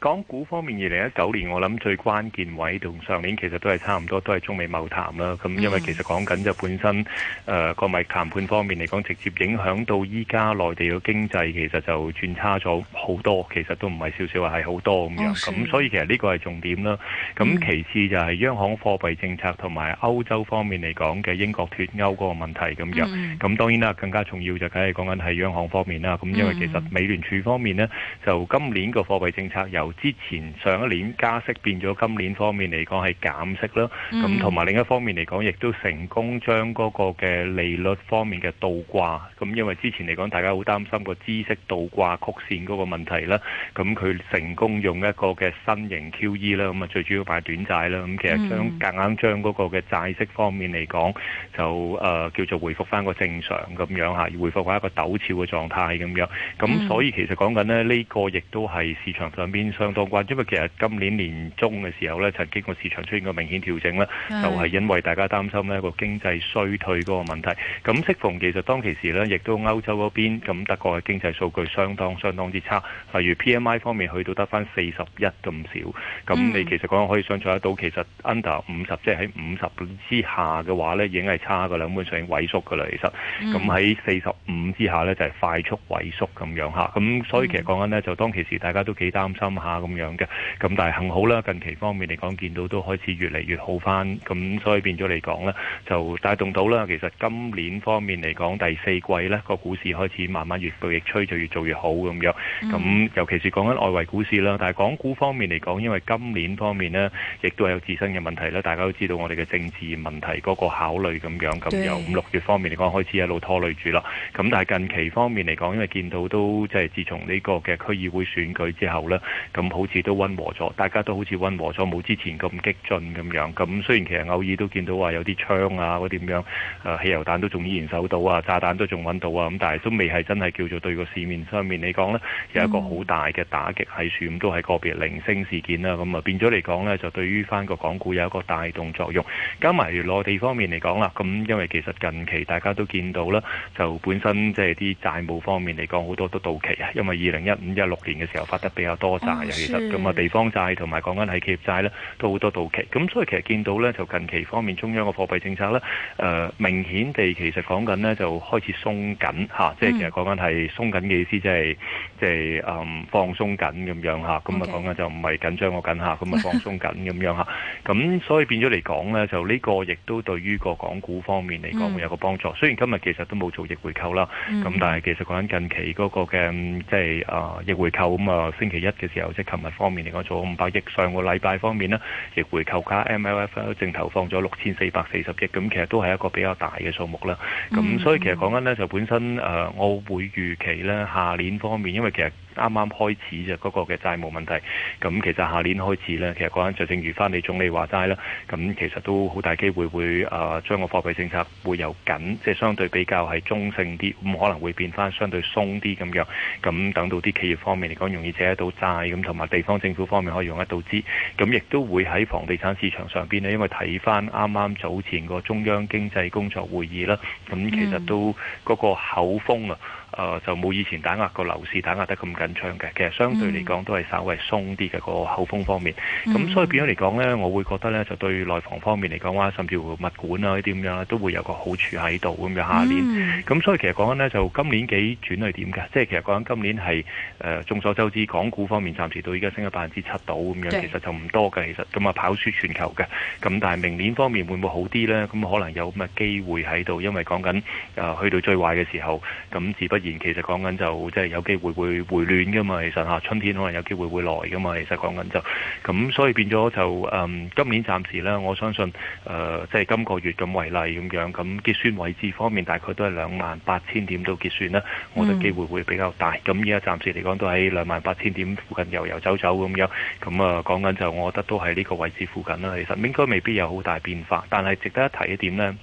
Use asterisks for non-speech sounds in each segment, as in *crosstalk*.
港股方面，二零一九年我諗最關鍵位同上年其實都係差唔多，都係中美貿談啦。咁因為其實講緊就本身誒國外談判方面嚟講，直接影響到依家內地嘅經濟，其實就轉差咗好多。其實都唔係少少，係好多咁樣。咁所以其實呢個係重點啦。咁其次就係央行貨幣政策同埋歐洲方面嚟講嘅英國脱歐嗰個問題咁樣。咁當然啦，更加重要就梗係講緊係央行方面啦。咁因為其實美聯儲方面咧，就今年個貨幣政策由之前上一年加息變咗，今年方面嚟講係減息啦。咁同埋另一方面嚟講，亦都成功將嗰個嘅利率方面嘅倒掛。咁因為之前嚟講，大家好擔心個孳息倒掛曲線嗰個問題啦。咁佢成功用一個嘅新型 QE 啦。咁啊，最主要買短債啦。咁其實將夾硬將嗰個嘅債息方面嚟講，就誒叫做回復翻個正常咁樣嚇，回復翻一個陡峭嘅狀態咁樣。咁所以其實講緊咧，呢個亦都係市場上邊。相當關，因為其實今年年中嘅時候呢，曾經過市場出現個明顯調整呢，就係因為大家擔心呢個經濟衰退嗰個問題。咁，適逢其實當其時呢，亦都歐洲嗰邊，咁德國嘅經濟數據相當相當之差，例如 P M I 方面去到得返四十一咁少。咁、嗯、你其實講緊可以想像得到，其實 under 五十即係喺五十之下嘅話呢已經係差噶啦，根本上已經萎縮噶啦。其實，咁喺四十五之下呢，就係、是、快速萎縮咁樣嚇。咁所以其實講緊呢，就當其時大家都幾擔心啊，咁樣嘅，咁但係幸好啦，近期方面嚟講，見到都開始越嚟越好翻，咁所以變咗嚟講咧，就帶動到啦。其實今年方面嚟講，第四季呢個股市開始慢慢越做越催，就越做越好咁樣。咁、嗯、尤其是講緊外圍股市啦，但係港股方面嚟講，因為今年方面呢，亦都係有自身嘅問題啦。大家都知道我哋嘅政治問題嗰個考慮咁樣，咁由五六月方面嚟講開始一路拖累住啦。咁但係近期方面嚟講，因為見到都即係自從呢個嘅區議會選舉之後呢。咁好似都溫和咗，大家都好似溫和咗，冇之前咁激進咁樣。咁雖然其實偶爾都見到話有啲槍啊嗰啲咁樣，啊，汽油彈都仲依然收到啊，炸彈都仲搵到啊。咁但係都未係真係叫做對個市面上面嚟講呢，有一個好大嘅打擊喺處。咁都係個別零星事件啦。咁啊變咗嚟講呢，就對於翻個港股有一個帶動作用。加埋內地方面嚟講啦，咁因為其實近期大家都見到啦，就本身即係啲債務方面嚟講，好多都到期啊。因為二零一五、一六年嘅時候發得比較多債。Uh -huh. 其實咁啊，地方債同埋講緊係企業債咧，都好多到期。咁所以其實見到咧，就近期方面中央嘅貨幣政策咧，誒明顯地其實講緊咧就開始鬆緊嚇，即係其實講緊係鬆緊嘅意思，即係即係誒放鬆緊咁樣嚇。咁啊講緊就唔係緊張個緊嚇，咁啊放鬆緊咁樣嚇。咁所以變咗嚟講咧，就呢個亦都對於個港股方面嚟講會有個幫助。雖然今日其實都冇做逆回購啦，咁但係其實講緊近期嗰個嘅即係啊逆回購咁啊，星期一嘅時候。喺琴日方面嚟講，做五百億；上個禮拜方面呢，亦回購卡 MLF 咧，淨投放咗六千四百四十億。咁其實都係一個比較大嘅數目啦。咁、嗯、所以其實講緊呢，就本身誒、呃，我會預期呢，下年方面，因為其實。啱啱開始就嗰個嘅債務問題，咁其實下年開始呢，其實嗰陣就正如翻你總理話齋啦，咁其實都好大機會會誒將個貨幣政策會由緊，即係相對比較係中性啲，咁可能會變翻相對鬆啲咁樣，咁等到啲企業方面嚟講，容易借得到債，咁同埋地方政府方面可以用得到資，咁亦都會喺房地產市場上邊呢，因為睇翻啱啱早前個中央經濟工作會議啦，咁其實都嗰個口風啊。誒就冇以前打壓個樓市打壓得咁緊張嘅，其實相對嚟講都係稍微鬆啲嘅個口風方面，咁所以變咗嚟講咧，我會覺得咧就對內房方面嚟講啊，甚至乎物管啊呢啲咁樣咧都會有個好處喺度咁嘅下年，咁所以其實講緊咧就今年幾轉係點嘅？即係其實講緊今年係誒眾所周知港股方面暫時到依家升咗百分之七到咁樣，其實就唔多嘅，其實咁啊跑輸全球嘅，咁但係明年方面會唔會好啲咧？咁可能有咁嘅機會喺度，因為講緊誒去到最壞嘅時候，咁自不然。其實講緊就即係有機會會回暖噶嘛，其實嚇春天可能有機會會來噶嘛。其實講緊就咁、是，所以變咗就誒、嗯、今年暫時呢。我相信誒即係今個月咁為例咁樣，咁結算位置方面大概都係兩萬八千點到結算啦。我覺得機會會比較大。咁而家暫時嚟講都喺兩萬八千點附近遊遊走走咁樣。咁啊講緊就，我覺得都喺呢個位置附近啦。其實應該未必有好大變化，但係值得一提一點呢，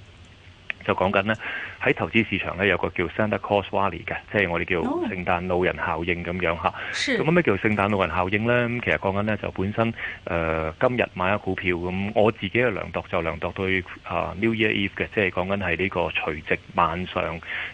就講緊呢。喺投資市場咧有個叫 Santa Claus Rally 嘅，即係我哋叫聖誕老人效應咁樣。咁乜咩叫聖誕老人效應咧？其實講緊咧就本身誒、呃、今日買咗股票咁，我自己嘅量度就量度對、呃、New Year Eve 嘅，即係講緊係呢個除夕晚上、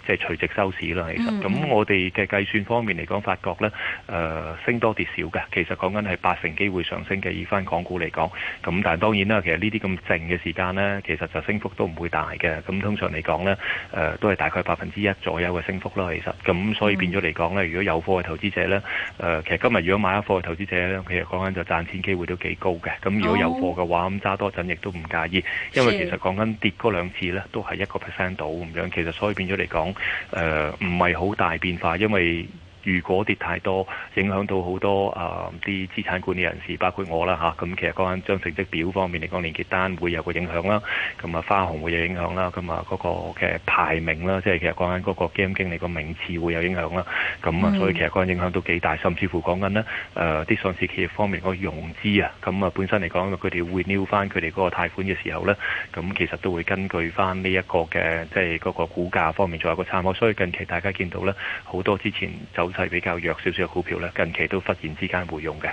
就是、即係除夕收市啦。其實咁、mm. 我哋嘅計算方面嚟講，發覺咧誒升多跌少嘅，其實講緊係八成機會上升嘅，以翻港股嚟講。咁但係當然啦，其實呢啲咁靜嘅時間咧，其實就升幅都唔會大嘅。咁通常嚟講咧。呃誒都係大概百分之一左右嘅升幅咯，其實咁所以變咗嚟講呢，如果有貨嘅投資者呢，誒、呃、其實今日如果買咗貨嘅投資者呢，其實講緊就賺錢機會都幾高嘅。咁如果有貨嘅話，咁、oh. 揸多陣亦都唔介意，因為其實講緊跌嗰兩次呢都係一個 percent 到咁樣。其實所以變咗嚟講，誒唔係好大變化，因為。如果跌太多，影響到好多啊啲、呃、資產管理人士，包括我啦咁、啊、其實講緊張成績表方面嚟講，你連結單會有個影響啦。咁啊，花紅會有影響啦。咁啊，嗰、那個嘅排名啦，即、啊、係、就是、其實講緊嗰個基金經理個名次會有影響啦。咁啊，所以其實嗰個影響都幾大，甚至乎講緊呢誒啲上市企業方面嗰個融資啊，咁啊，本身嚟講，佢哋會 renew 翻佢哋嗰個貸款嘅時候呢。咁、啊、其實都會根據翻呢一個嘅即係嗰個股價方面做一個參考。所以近期大家見到呢好多之前就係比較弱少少嘅股票咧，近期都忽然之間回勇嘅。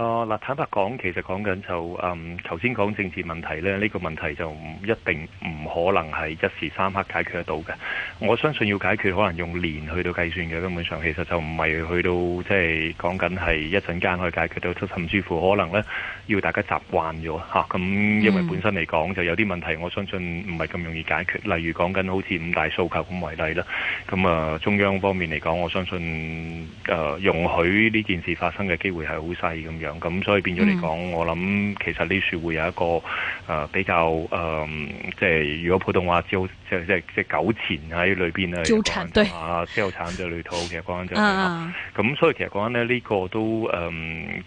啊嗱，坦白講，其實講緊就誒，頭先講政治問題咧，呢個問題就唔一定唔可能係一時三刻解決得到嘅。我相信要解決，可能用年去到計算嘅。根本上其實就唔係去到即係講緊係一陣間可以解決到，甚至乎可能咧要大家習慣咗嚇。咁因為本身嚟講就有啲問題，我相信唔係咁容易解決。例如講緊好似五大訴求咁為例啦。咁啊，中央方面嚟講，我相信誒容許呢件事發生嘅機會係好細咁樣。咁所以變咗嚟講，我諗其實呢樹會有一個誒、呃、比較誒、呃，即係如果普通話叫即係即係即係糾纏喺裏面啦。糾纏對啊，資產即係裏其實講緊就係咁、啊啊、所以其實講緊呢呢、呢個都誒、呃，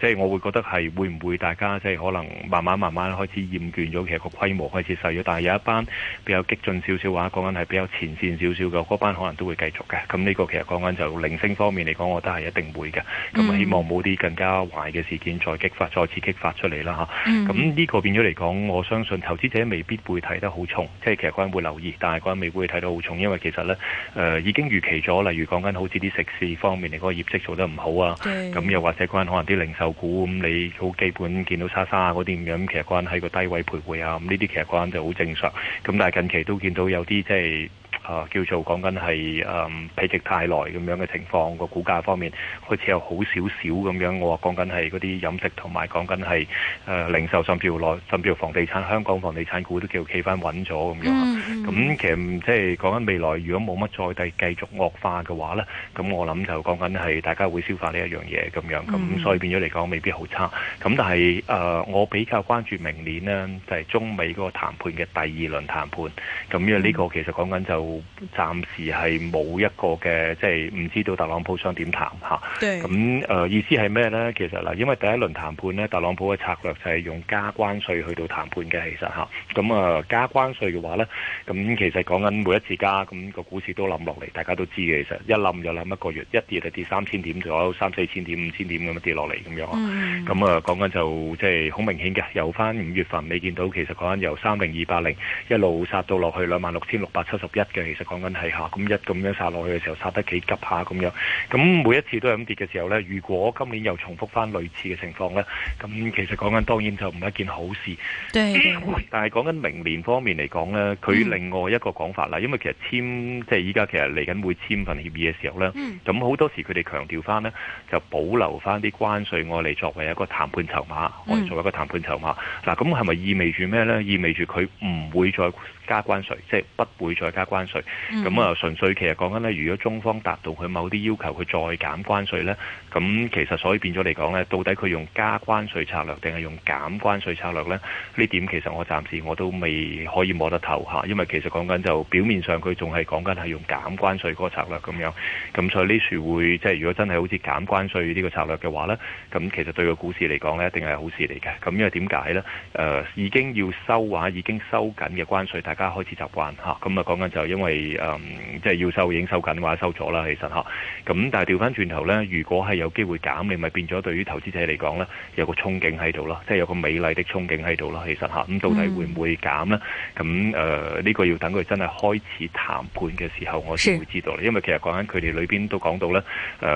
即係我會覺得係會唔會大家即係可能慢慢慢慢開始厭倦咗，其實個規模開始細咗。但係有一班比較激進少少話，講緊係比較前線少少嘅嗰班，可能都會繼續嘅。咁呢個其實講緊就零星方面嚟講，我覺得係一定會嘅。咁、嗯、希望冇啲更加壞嘅事件。再激發，再次激發出嚟啦嚇。咁呢個變咗嚟講，我相信投資者未必會睇得好重，即係其實個人會留意，但係個人未必會睇得好重，因為其實咧誒、呃、已經預期咗，例如講緊好似啲食肆方面你嗰、嗰個業績做得唔好啊，咁又或者個人可能啲零售股咁你好基本見到莎莎嗰啲咁樣，其實個人喺個低位徘徊啊，咁呢啲其實個人就好正常。咁但係近期都見到有啲即係。啊、呃，叫做講緊係誒疲極太耐咁樣嘅情況，個股價方面開始有好少少咁樣。我話講緊係嗰啲飲食同埋講緊係誒零售甚至乎內甚至乎房地產，香港房地產股都叫企翻穩咗咁樣。咁、嗯嗯、其實即係講緊未來，如果冇乜再繼續惡化嘅話咧，咁我諗就講緊係大家會消化呢一樣嘢咁樣。咁所以變咗嚟講，未必好差。咁但係誒、呃，我比較關注明年呢，就係、是、中美嗰個談判嘅第二輪談判。咁因為呢個其實講緊、嗯、就暫時係冇一個嘅，即係唔知道特朗普想點談吓。咁誒、啊、意思係咩呢？其實嗱，因為第一輪談判呢，特朗普嘅策略就係用加關稅去到談判嘅，其實吓。咁啊加關稅嘅話呢，咁其實講緊每一次加，咁、那個股市都冧落嚟，大家都知嘅。其實一冧就冧一個月，一跌就跌三千點左右，三四千點、五千點咁樣跌落嚟咁樣。咁、嗯、啊講緊就即係好明顯嘅，由翻五月份你見到其實講緊由三零二八零一路殺到落去兩萬六千六百七十一嘅。其實講緊係下，咁、啊、一咁樣殺落去嘅時候，殺得幾急下咁樣，咁每一次都有咁跌嘅時候呢，如果今年又重複翻類似嘅情況呢，咁其實講緊當然就唔係一件好事。對，但係講緊明年方面嚟講呢，佢另外一個講法啦、嗯，因為其實簽即係依家其實嚟緊會簽份協議嘅時候呢，咁、嗯、好多時佢哋強調翻呢，就保留翻啲關稅我嚟作為一個談判籌碼，嗯、我作為一個談判籌碼。嗱咁係咪意味住咩呢？意味住佢唔會再加關稅，即係不會再加關稅。咁、嗯、啊，純粹其實講緊呢，如果中方達到佢某啲要求，佢再減關稅呢？咁其實所以變咗嚟講呢，到底佢用加關稅策略定係用減關稅策略呢？呢點其實我暫時我都未可以摸得透嚇，因為其實講緊就表面上佢仲係講緊係用減關稅嗰、就是、個策略咁樣，咁所以呢處會即係如果真係好似減關稅呢個策略嘅話呢，咁其實對個股市嚟講呢，一定係好事嚟嘅。咁因為點解呢？誒、呃，已經要收話已經收緊嘅關稅。大家開始習慣嚇，咁啊講緊就，說說就因為誒，即、嗯、係、就是、要收，已經收緊或者收咗啦，其實嚇。咁、啊、但係調翻轉頭咧，如果係有機會減，你咪變咗對於投資者嚟講咧，有個憧憬喺度咯，即係有個美麗的憧憬喺度咯，其實嚇。咁、啊、到底會唔會減咧？咁誒呢個要等佢真係開始談判嘅時候，我先會知道。因為其實講緊佢哋裏邊都講到咧，誒、啊、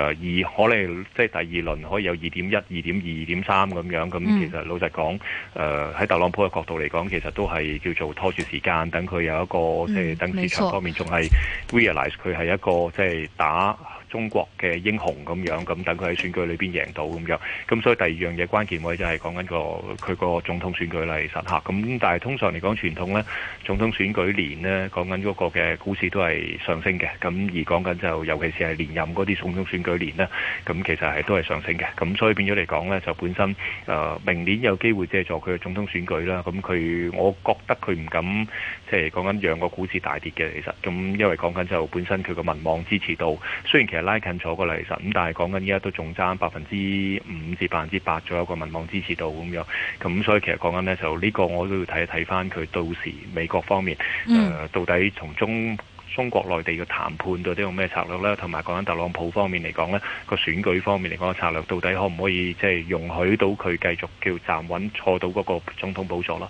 二可能即係第二輪可以有二點一、二點二、二點三咁樣。咁其實老實講，誒、啊、喺特朗普嘅角度嚟講，其實都係叫做拖住時間。等佢有一個，即係等市場方面仲係 realize 佢係一個，即係打。中國嘅英雄咁樣咁等佢喺選舉裏邊贏到咁樣，咁所以第二樣嘢關鍵位就係講緊個佢個總統選舉啦，其實嚇。咁但係通常嚟講傳統呢，總統選舉年呢講緊嗰個嘅股市都係上升嘅。咁而講緊就尤其是係連任嗰啲總統選舉年呢，咁其實係都係上升嘅。咁所以變咗嚟講呢，就本身誒明年有機會借助佢嘅總統選舉啦。咁佢我覺得佢唔敢即係講緊讓個股市大跌嘅，其實咁因為講緊就本身佢個民望支持度，雖然其實。拉近咗個利實咁，但係講緊依家都仲爭百分之五至百分之八，左右個民望支持度咁樣，咁所以其實講緊呢就呢個我都要睇一睇翻佢到時美國方面誒、嗯呃、到底從中中國內地嘅談判到底用咩策略呢？同埋講緊特朗普方面嚟講呢個選舉方面嚟講嘅策略，到底可唔可以即係、就是、容許到佢繼續叫站穩坐到嗰個總統補助咯？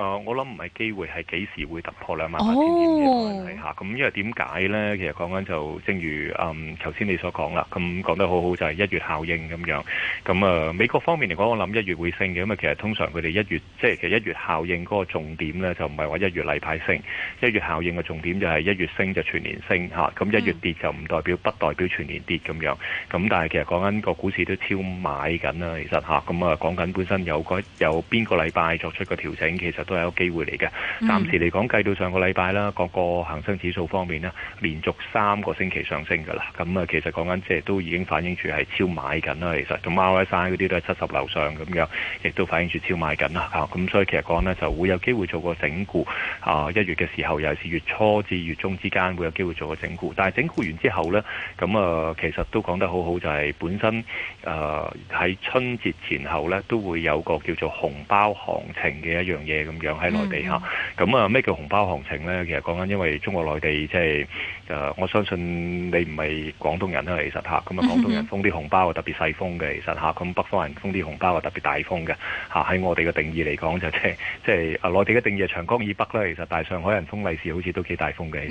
誒，我諗唔係機會，係幾時會突破兩萬八千點嘅問題吓？咁因為點解呢？其實講緊就正如嗯頭先你所講啦，咁講得好好就係一月效應咁樣。咁誒美國方面嚟講，我諗一月會升嘅，因為其實通常佢哋一月即係其實一月效應嗰個重點呢，就唔係話一月禮拜升，一月效應嘅重點就係一月升就全年升吓。咁一月跌就唔代表不代表全年跌咁樣。咁但係其實講緊個股市都超買緊啦，其實吓。咁誒講緊本身有個有邊個禮拜作出個調整，其實。都係一個機會嚟嘅。暫時嚟講，計到上個禮拜啦，各個個恒生指數方面咧，連續三個星期上升㗎啦。咁、嗯、啊，其實講緊即係都已經反映住係超買緊啦。其實咁，RSI 嗰啲都係七十樓上咁樣，亦都反映住超買緊啦。咁、嗯、所以其實講呢，就會有機會做個整固啊。一月嘅時候，尤其是月初至月中之間，會有機會做個整固。但係整固完之後呢，咁、嗯、啊，其實都講得好好，就係、是、本身誒喺、呃、春節前後呢，都會有個叫做紅包行情嘅一樣嘢咁。喺、嗯、內地咁啊，咩叫紅包行情咧？其實講緊因為中國內地即係、誒，我相信你唔係廣東人啦、啊，其實嚇，咁啊廣東人封啲紅包啊特別細封嘅，其實嚇，咁、啊、北方人封啲紅包啊特別大封嘅嚇，喺、啊、我哋嘅定義嚟講就即係即係啊內地嘅定義係長江以北呢，其實但係上海人封利是好似都幾大封嘅，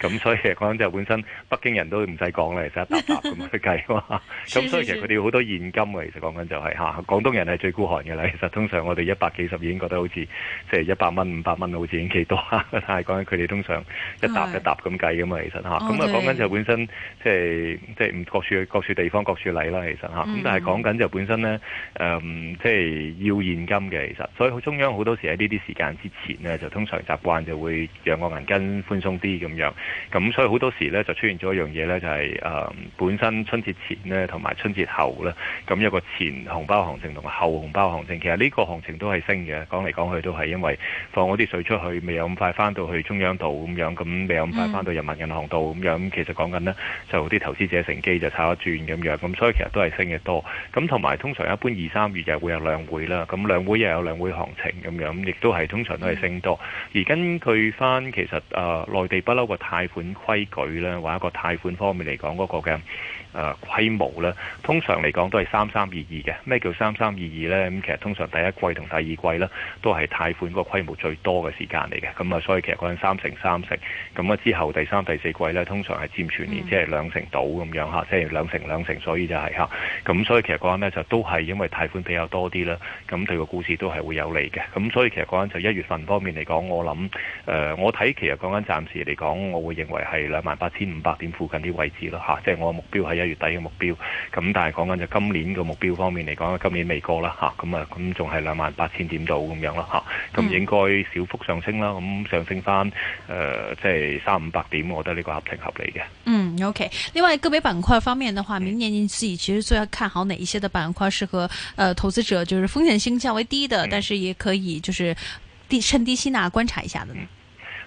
咁 *laughs* 所以講緊就、啊、本身北京人都唔使講啦，其實一搭搭咁去計咁，所以其實佢哋好多現金嘅，其實講緊就係、是、嚇、啊、廣東人係最孤寒嘅啦，其實通常我哋一百幾十已經覺得好。即係一百蚊、五百蚊，好似已經幾多？但係講緊佢哋通常一沓一沓咁計㗎嘛，yes. 其實嚇。咁、okay. 啊、嗯，講緊就，就是本身即係即係各處各處地方各處例啦，其實嚇。咁但係講緊就本身咧，誒、嗯，即、就、係、是、要現金嘅其實。所以中央好多時喺呢啲時間之前呢，就通常習慣就會讓個銀根寬鬆啲咁樣。咁所以好多時咧就出現咗一樣嘢咧，就係、是、誒、嗯、本身春節前咧同埋春節後咧，咁有個前紅包行情同埋後紅包行情，其實呢個行情都係升嘅，講佢都係因為放嗰啲水出去，未有咁快翻到去中央度咁樣，咁未有咁快翻到人民銀行度咁樣，其實講緊呢，就啲投資者乘機就炒一轉咁樣，咁所以其實都係升嘅多。咁同埋通常一般二三月就會有兩會啦，咁兩會又有兩會行情咁樣，亦都係通常都係升得多。而根據翻其實誒、呃、內地不嬲個貸款規矩啦，或者一個貸款方面嚟講嗰、嗰個嘅。誒、呃、規模呢，通常嚟講都係三三二二嘅。咩叫三三二二呢？咁其實通常第一季同第二季呢，都係貸款嗰個規模最多嘅時間嚟嘅。咁啊，所以其實講緊三成三成，咁啊之後第三第四季呢，通常係佔全年即係、嗯就是、兩成到咁樣嚇，即係兩成兩成，所以就係、是、嚇。咁所以其實講緊呢，就都係因為貸款比較多啲啦，咁對個股市都係會有利嘅。咁所以其實講緊就一月份方面嚟講，我諗誒、呃，我睇其實講緊暫時嚟講，我會認為係兩萬八千五百點附近啲位置咯嚇，即、啊、係、就是、我目標係。一月底嘅目標，咁但係講緊就今年嘅目標方面嚟講，今年未過啦嚇，咁啊咁仲係兩萬八千點度咁樣啦。嚇、啊，咁、啊啊啊、應該小幅上升啦，咁、啊、上升返誒、呃、即係三五百點，我覺得呢個合情合理嘅。嗯，OK。另外個別板塊方面嘅話，明年你自己其實最要看好哪一些的板塊是和，適合呃投資者，就是風險性較為低的，但是也可以就是低趁低吸納觀察一下的呢？嗯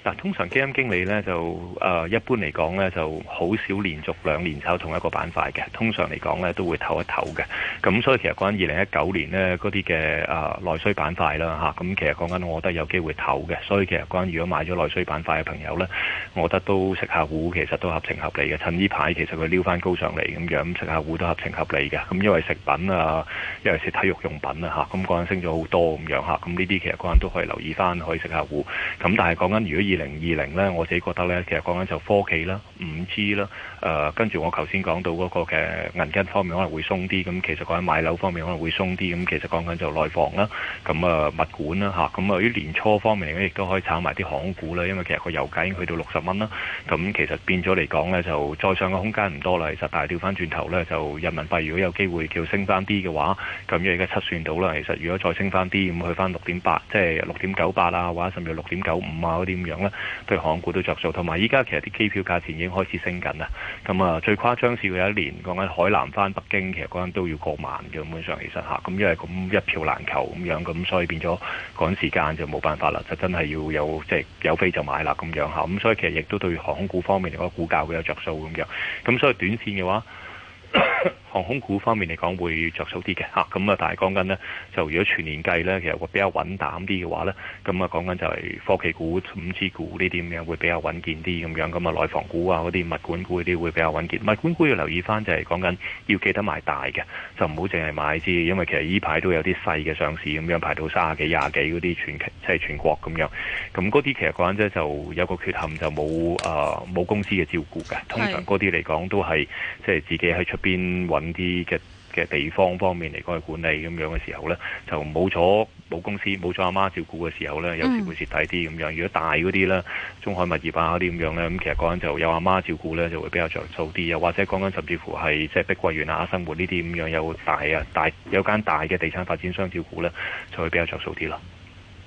嗱，通常基金經理咧就誒、呃、一般嚟講咧就好少連續兩年炒同一個板塊嘅，通常嚟講咧都會唞一唞嘅。咁所以其實講緊二零一九年咧嗰啲嘅誒內需板塊啦，咁其實講緊我覺得有機會唞嘅。所以其實講緊如果買咗內需板塊嘅朋友咧，我覺得都食下糊其實都合情合理嘅。趁呢排其實佢撩翻高上嚟咁樣，食下糊都合情合理嘅。咁因為食品啊，尤其係體育用品啊咁，嗰升咗好多咁樣，咁呢啲其實講緊都可以留意翻可以食下糊。咁但係講緊如果二零二零呢，我自己覺得呢，其實講緊就科技啦、五 G 啦，誒、呃，跟住我頭先講到嗰個嘅銀根方面可能會鬆啲，咁其實講緊買樓方面可能會鬆啲，咁其實講緊就內房啦，咁啊物管啦嚇，咁啊於年初方面呢，亦都可以炒埋啲航股啦，因為其實個油價已經去到六十蚊啦，咁其實變咗嚟講呢，就再上嘅空間唔多啦，其實，但係調翻轉頭呢，就人民幣如果有機會叫升翻啲嘅話，咁而家測算到啦，其實如果再升翻啲，咁去翻六點八，即係六點九八啊，或者甚至六點九五啊嗰啲咁樣。對航空股都着數，同埋依家其實啲機票價錢已經開始升緊啦。咁啊，最誇張是佢有一年講緊海南返北京，其實嗰陣都要過萬，基本上其實吓。咁因為咁一票難求咁樣，咁所以變咗趕時間就冇辦法啦，就真係要有即係有飛就買啦咁樣吓。咁所以其實亦都對航空股方面嚟講，股價會有着數咁樣。咁所以短線嘅話。 *coughs* 航空股方面嚟講，會着數啲嘅嚇。咁啊，但係講緊呢，就如果全年計呢，其實會比較穩膽啲嘅話呢。咁啊講緊就係科技股、五 G 股呢啲咁樣會比較穩健啲咁樣。咁啊，內房股啊嗰啲物管股嗰啲會比較穩健。物管股要留意翻就係講緊要記得買大嘅，就唔好淨係買啲，因為其實呢排都有啲細嘅上市咁樣排到三十幾、廿幾嗰啲全即係、就是、全國咁樣。咁嗰啲其實講緊就有個缺陷就，就冇啊冇公司嘅照顧嘅。通常嗰啲嚟講都係即係自己喺出邊揾啲嘅嘅地方方面嚟講，去管理咁樣嘅時候呢，就冇咗冇公司冇咗阿媽照顧嘅時候呢，有時會蝕底啲咁樣。如果大嗰啲呢，中海物業啊啲咁樣呢，咁、嗯、其實講緊就有阿媽照顧呢，就會比較着數啲。又或者講緊甚至乎係即係碧桂園啊生活呢啲咁樣，有大啊大有間大嘅地產發展商照顧呢，就會比較着數啲啦。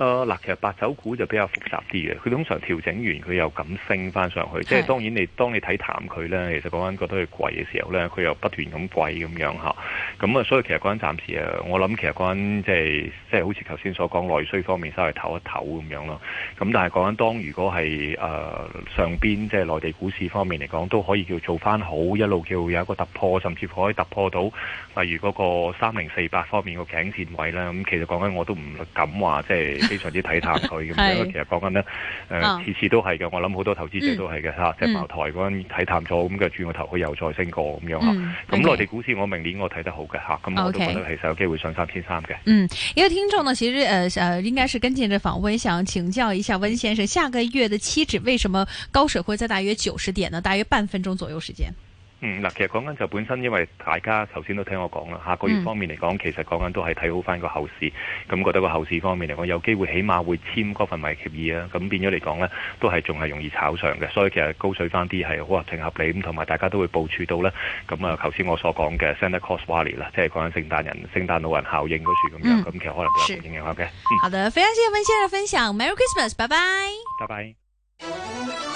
誒嗱，其實白酒股就比較複雜啲嘅，佢通常調整完佢又咁升翻上去，即係當然你當你睇淡佢咧，其實嗰陣覺得佢貴嘅時候咧，佢又不斷咁貴咁樣吓咁啊，所以其實嗰陣暫時啊，我諗其實嗰陣即係即係好似頭先所講內需方面稍微唞一唞咁樣咯，咁但係嗰陣當如果係誒、呃、上邊即係、就是、內地股市方面嚟講，都可以叫做翻好，一路叫有一個突破，甚至乎可以突破到。例如嗰個三零四八方面個頸線位啦，咁其實講緊我都唔敢話，即係非常之睇淡佢咁樣。其實講緊呢，誒 *laughs* 次、呃哦、次都係嘅，我諗好多投資者都係嘅哈，即、嗯、係茅台嗰陣睇淡咗，咁就轉個頭佢又再升過咁、嗯、樣啊。咁、嗯、內地股市我明年我睇得好嘅吓，咁、okay, 嗯、我都覺得其實有機會上三千三嘅。嗯，一位聽眾呢，其實誒誒、呃，應該是跟進這訪問，想請教一下溫先生，下個月嘅期指為什麼高水會在大約九十點呢？大約半分鐘左右時間。嗯嗱，其實講緊就本身，因為大家頭先都聽我講啦，下個月方面嚟講、嗯，其實講緊都係睇好翻個後市，咁、嗯、覺得個後市方面嚟講有機會，起碼會簽嗰份埋協議啊，咁、嗯、變咗嚟講咧，都係仲係容易炒上嘅，所以其實高水翻啲係好合情合理，咁同埋大家都會部署到啦咁啊頭先我所講嘅 Santa Claus Valley 啦，即係講緊聖誕人、聖誕老人效應嗰處咁樣，咁、嗯嗯、其實可能都有影響嘅。好的，非常謝謝溫先生分享，Merry Christmas，拜拜，拜拜。